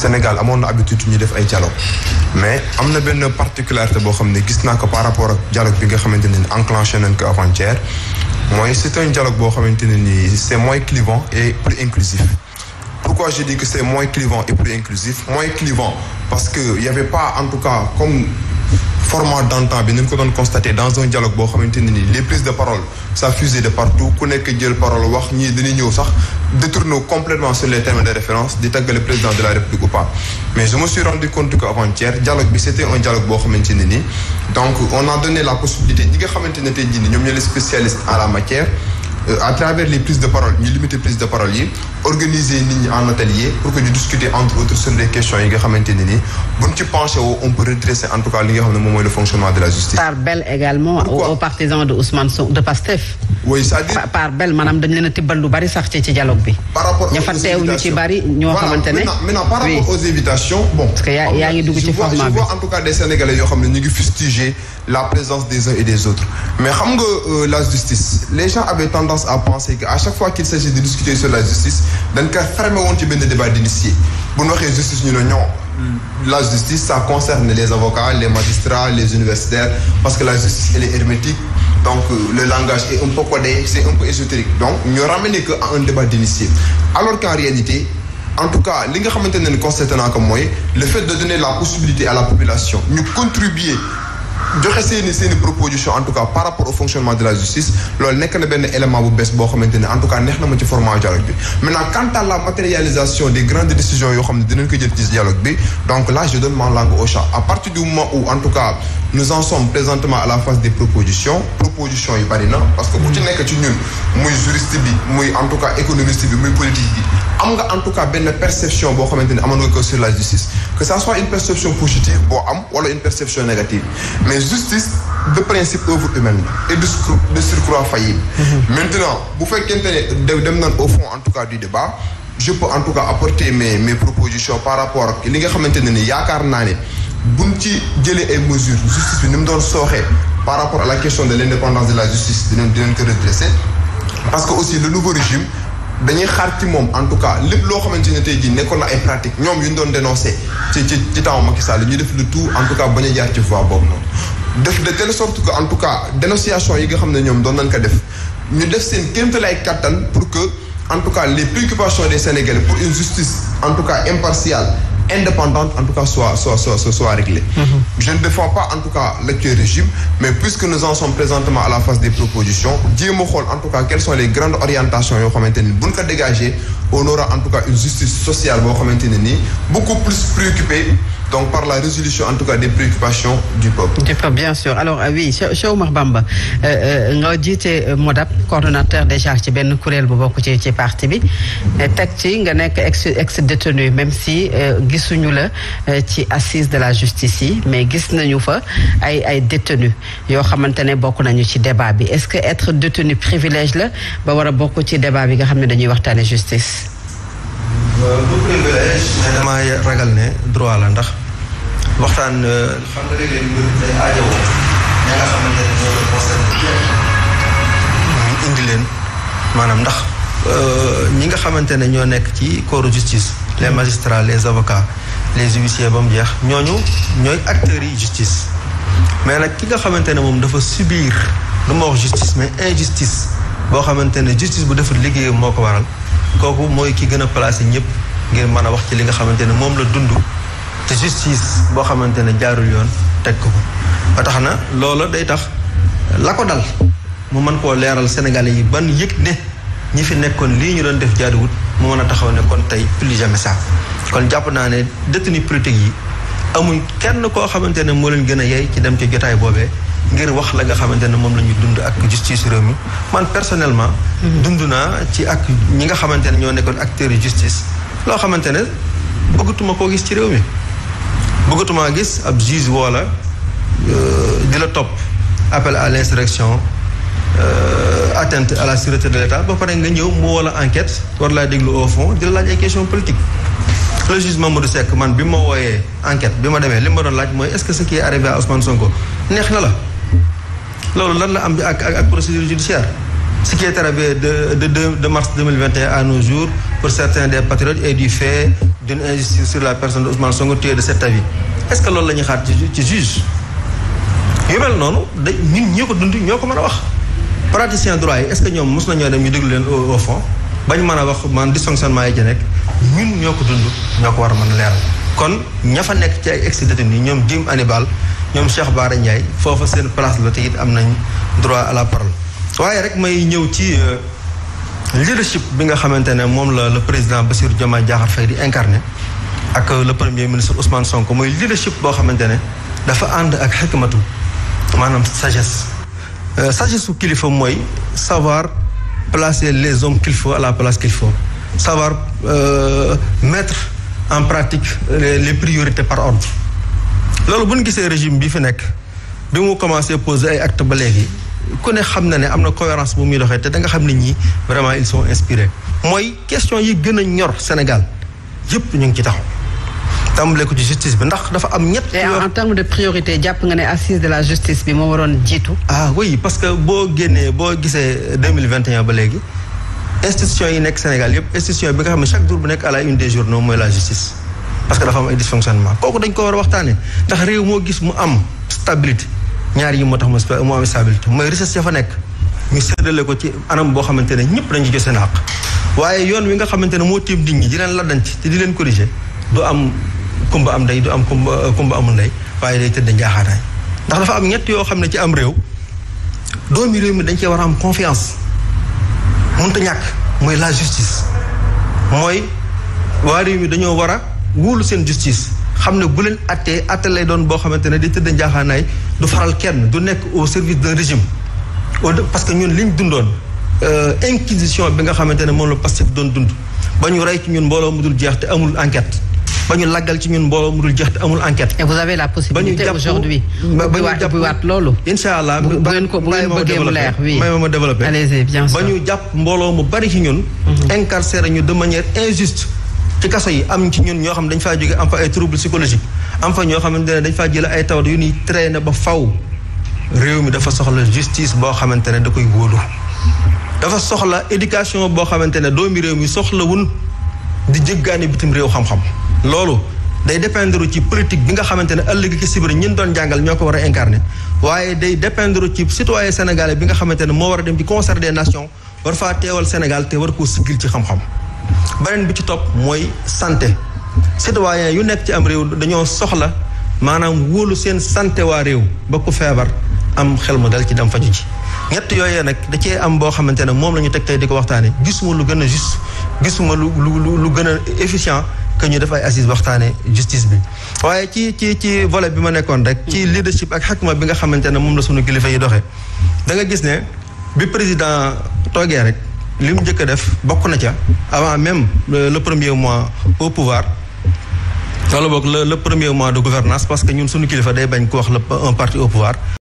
Sénégal amoon na habitude ñu def ay dialogue mais am na benn particularité boo xam ne gis naa ko par rapport ak dialogue bi nga xamante ne enclenché nañ ko avant mooy c'est un dialogue boo xamante ne nii c'est mooy clivant et plus inclusif pourquoi je dis que c'est moins clivant et plus inclusif moins clivant parce que y avait pas en tout cas comme format d'antan bi nañ ko doon constaté dans un dialogue boo xamante ne nii les prises de parole ça fusait de partout ku nekk jël parole wax ñii dañuy ñëw sax détourné complètement sur les thèmes de référence di tàggale président de la république ou mais je me rendu compte que avant-hier dialogue bi c'était un dialogue boo xamante ne nii donc on a donné la possibilité ñi nga xamante ne te jii nii ñoom ñoo les spécialistes en la matière euh, à travers organiser nit ñi en atelier pour que ñu discuter entre autres sur des questions yi xamante ne nii buñ ci penché woo on peut redresser en tout cas ne moom mooy le fonctionnement de la justice. par bel également. aux partisans de Ousmane Sonko de Pastef. oui cest par bel maanaam dañ leen a tibbal lu bari sax ci ci dialogue bi. par rapport ña fa teew ñu ci bari. par rapport aux invitations parce que yaa ngi dugg ci format bi en tout cas des sénégalais yoo xam ne ñu ngi fustiger la présence des dañ ko fermé woon ci benn débat d'initié bu ñu waxee justice ñu ne ñoo la justice ça concerne les avocats les magistrats les universitaires parce que la justice elle est hermétique donc euh, le langage est un peu codé c'est un peu ésotérique donc ñu ramener que à un débat d'initié alors qu'en réalité en tout cas li nga xamante ne constaté naa ko mooy le fait de donner la possibilité à la population ñu contribuer joxe seeni seeni proposition en tout cas par rapport au fonctionnement de la justice loolu nekk na benn élément bu bees boo xamante ne en tout cas neex na ma ci format dialogue bi maintenant quant à la matérialisation des grandes décisions yoo xam ne dinañ ko jël ci dialogue bi donc là je donne ma langue au chat à partir du moment en tout cas nous en sommes présentement à la phase des propositions propositions yu bari na parce que ku ci nekk ci ñun muy en tout cas économiste bi muy am nga en tout cas benn perception boo xamante ni amoon nga ko sur la justice que ça soit une perception positive boo am wala une perception négative mais justice de principe œuvre humaine et de de surcroît faillible mhm. maintenant bu fekkente ne dem nañ au fond en tout cas du débat je peux en tout cas apporter mes mes propositions par rapport ak li nga xamante ne ni yaakaar naa ne buñ ci jëlee ay doon sooxee par rapport à la question de dañuy xaar ci moom en tout cas lépp loo xamante ne tey jii nekkoon na ay pratique ñoom yu ñu doon dénoncé ci ci ci temps Macky Sall ñu def le tout en tout cas a jaar ci voie boobu noonu. def de telle que en tout cas dénonciation yi nga xam ne ñoom doon nañ ko def ñu def seen kéemtalaay kattan pour que en tout cas les préoccupations des Sénégalais pour une justice en tout cas impartiale. indépendante en tout cas soit soit soit soit mm-hmm. je ne défends pas en tout cas l'actuel régime mais puisque nous en sommes présentement à la phase des propositions jéem a xool en tout cas quelles sont les grandes orientations yoo xamante ni buñ dégager on en tout cas une justice sociale boo xamante ne nii plus préoccupée donc par la résolution en tout cas des préoccupations du peuple. du peuple bien sûr alors euh, oui Cheikh Oumar Bamba euh, euh, nga jiite MODAP coordonnateur déjà ci benn kuréel bu bokk ci ci parti bi teg ci nga nekk ex ex détenu même si gisuñu la ci assise de la justice yi mais gis nañu fa ay ay détenus yoo xamante ne bokk nañu ci débat bi est-ce que être détenu privilège la ba war a bokk ci débat bi nga xam ne dañuy waxtaane justice. bu privilège. damay ragal ne droit la ndax. waxtaan. xam nga léeg leen maanaam ndax euh, ñi nga xamante ne ñoo nekk ci corps justice les magistrats les avocats les huissiers ba mu jeex ñooñu ñooy acteurs yi justice. mais nag ki nga xamante ne moom dafa subir lu ma wax justice mais injustice boo xamante ne justice bu deful liggéeyam moo ko waral kooku mooy ki gën a placé ñëpp ngir mën a wax ci li nga xamante ne moom la dund. te justice boo xamante ne jaarul yoon teg ko ba tax na loola day tax la ko dal mu mën koo leeral sénégalais yi ban yëg ne ñi fi nekkoon lii ñu doon def jaaduwut mu mën a taxaw ne kon tey plus jamais ça kon jàpp naa ne détenus politiques yi amuñ kenn koo xamante ne moo leen gën a yey ci dem ci jotaay boobee ngir wax la xamante ne moom la ñu dund ak justice réew mi man personnellement. Mhm. dund naa ci ak ñi nga xamante ne ñoo nekkoon acteurs yu justice loo xamante ne bëggatuma koo gis ci réew mi. bëggatumaa gis ab juge woola euh, di la topp appel à l'insurrection euh, atteinte à la sûreté de l'État ba pare nga ñëw mu woola enquête war laa déglu au fond di la laaj ay question politique le juge Mamadou Seck man bi ma wooyee enquête bi ma demee li ma doon laaj mooy est-ce que ce qui est arrivé à Ousmane neex na la loolu lan la am ak ak procédure judiciaire ce qui est arrivé de de de mars 2021 à nos jours pour certains des patriotes et du fait d'une injustice la personne de Ousmane Sonko de cet avis est-ce que xaar ci ci juge noonu da nit ko dund ñoo ko mën a wax praticien droit yi est-ce que ñoom mos nañoo dem ñu déglu leen au fond bañ mën a wax man dysfonctionnement yi ci nekk ñun ñoo ko dund ñoo ko war a mën a leeral kon ña fa nekk ci ay ex-détenus yi ñoom Jim Hannibal ñoom Cheikh Bara Ndiaye foofa seen place la te it am nañ droit à la parole waaye rek may ñëw ci euh, leadership bi nga xamante ne moom la le président Bassirou Diomaye Diakhar fay di incarné ak le premier ministre Ousmane sonk mooy leadership boo xamante ne dafa ànd ak xikmatu maanaam sagesse. Euh, sagesse su kilifa mooy savoir placer les hommes qu'il à la place qu'il faut savoir euh, mettre en pratique les priorités par ordre loolu bu ñu gisee régime bi fi nekk bi mu commencé poser ay actes ba léegi. ku ne xam na ne am na cohérence bu muy doxee te da nga xam ne ñii vraiment ils sont inspirés mooy question yi gën a ñor Sénégal yëpp ñu ngi ci taxaw. tàmbale ko ci justice bi dafa am ñett. en terme de priorité jàpp nga ne assise de la justice bi moo waroon jiitu. ah oui parce que boo génnee boo gisee deux mille vingt et un ba léegi institution yi nekk Sénégal yëpp institution bi nga xam ne chaque jour bu nekk à la une des journaux mooy la justice. parce que dafa am ay dysfonctionnement kooku dañ ko war a waxtaanee ndax réew moo gis mu am stabilité. ñaar yi moo tax ma moo am stabilité mooy richesse ya fa nekk ñu séddale ko ci anam boo xamante ne ñëpp dañu ci jot seen àq waaye yoon wi nga xamante ne moo tiim nit ñi di leen laddanc te di leen corriger du am kumba am ndey du am kumba kumba amul ndey waaye day tëdd njaaxaanaay ndax dafa am ñett yoo xam ne ci am réew doomi réew mi dañ cee war am confiance mënut a ñàkk mooy la justice mooy waa réew mi dañoo war a wóolu seen justice xam ne bu leen attee atte lay doon boo xamante ne day tëdd njaaxaanaay du faral kenn du nekk au service d'un régime parce que ñun liñ dundoon euh, inquisition bi nga xamante ne moom la Pastef doon dund ba ñu rey ci ñun mbooloo mu dul jeex te amul enquête ba ñu laggal ci ñun mbooloo mu dul jeex te amul enquête. et la ba ñu jàpp loolu. incha allah ko bu ngeen bëggee mu leer mbooloo mu bari ci ñun. Mhm. incarcéré ñu de injuste. ci kaso yi am ci ñun ñoo xam ne dañ fa jóge am fa ay trouble psychologique am fa ñoo xamante ne dañ faa jële ay tawat yu ñuy traîné ba faw réew mi dafa soxla justice boo xamante ne da koy wóolu dafa soxla éducation boo xamante ne doomi réew mi soxla soxlawul di jëggaani bitim réew xam-xam loolu day dépendre ci politique bi nga xamante ne ëllëg ki sibir ñun doon jàngal ñoo ko war a incarné waaye day dépendre ci citoyen sénégalais bi nga xamante ne moo war a dem ci concert des nations war faa teewal Sénégal te war koo siggil ci xam beneen bi ci topp mooy sante santé citoyen yu nekk ci am réew dañoo soxla maanaam wóolu seen sante waa réew ba ku feebar am xel mu dal ci dem faju ci ñett yooye nag da cee am boo xamante ne moom la ñu teg tey di ko waxtaane gisuma lu gën a gisuma lu lu lu gën a efficient que ñu def ay assises waxtaane justice bi waaye ci ci ci volet bi ma nekkoon rek ci leadership ak xakma bi nga xamante ne moom la sunu kilifa yi doxe da nga gis ne bi président toogee rek li mu njëkk a def bokk na ca avant même le premier mois au pouvoir wala boog le premier mois de gouvernance parce que ñun suñu kilifa day bañ ko wax le un parti au pouvoir